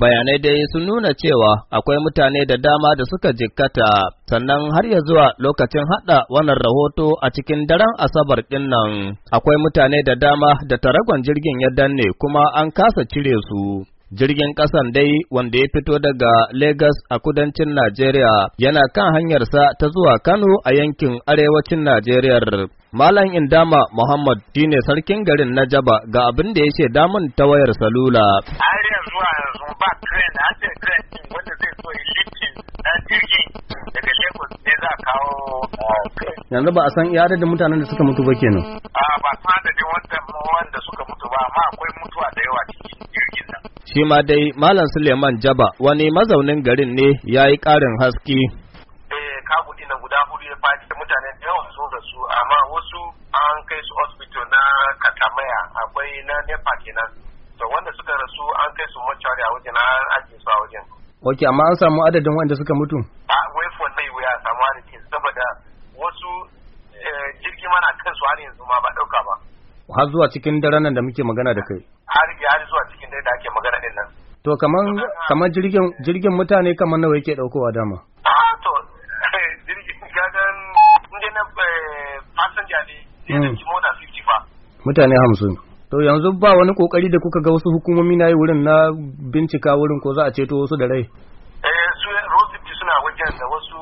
Bayanai dai sun nuna cewa akwai mutane da dama da suka jikkata sannan har ya zuwa lokacin hada wannan rahoto a cikin daren asabar ɗinnan, akwai mutane da dama da taragon jirgin ya danne kuma an kasa cire su. Jirgin ƙasan dai wanda ya fito daga Legas a kudancin Najeriya yana kan hanyarsa ta zuwa Kano a yankin arewacin Najeriya. Malam Indama Muhammad shine sarkin garin Najaba ga abin da ya ce damun ta wayar salula. ba din wanda zai so na jirgi daga lagos ne za a kawo eh, yanzu ba a san iya da mutanen da suka mutu ba kenan a ba san adadin wanda suka mutu ba amma akwai mutuwa da yawa cikin jirgin nan shi ma dai malam suleiman jaba wani mazaunin garin ne ya yi ƙarin haske eh kabudi na guda hudu ya faɗi mutane da yawa sun rasu amma wasu an kai su hospital na katamaya akwai na nepa kenan to wanda suka rasu an kai su mortuary a wajen an ajiye su a wajen ok amma an samu adadin wanda suka mutu a wai for lai wuya samu adadin saboda wasu eh, jirgi mana kansu har yanzu ma ba dauka ba har zuwa cikin daren nan da muke magana da kai har har zuwa cikin dare da ake magana din nan to kaman kaman jirgin jirgin mutane kaman nawa yake daukowa dama a to eh, jirgin gagan inda na eh, passenger ne hmm. mutane hamsin. to yanzu ba wani kokari da kuka ga wasu hukumomi na yi wurin na bincika wurin ko za a ceto wasu da rai eh su suna wajen da wasu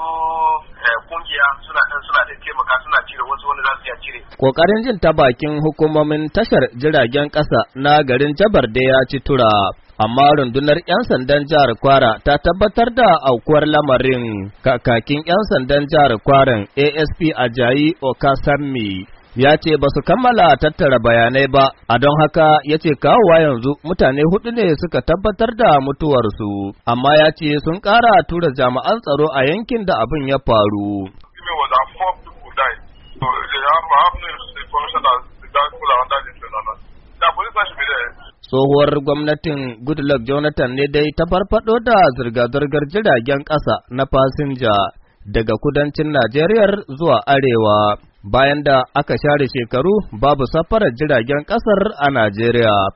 eh, kungiya suna suna da taimaka suna cire wasu wani za su iya cire kokarin jin ta bakin hukumomin tashar jiragen kasa na garin Jabar da ya ci tura amma rundunar 'yan sandan jihar Kwara ta tabbatar da aukuwar lamarin kakakin 'yan sandan jihar Kwaran ASP Ajayi Okasanmi ya ce ba su kammala tattara bayanai ba, a don haka ya ce kawowa yanzu mutane hudu ne suka tabbatar da mutuwarsu, amma ya ce sun ƙara tura jami'an tsaro a yankin da abin ya faru. tsohuwar gwamnatin goodluck jonathan ne dai ta farfado da zirga-zirgar jiragen ƙasa na fasinja daga kudancin najeriya zuwa arewa bayan da aka share shekaru babu safarar jiragen kasar a Najeriya.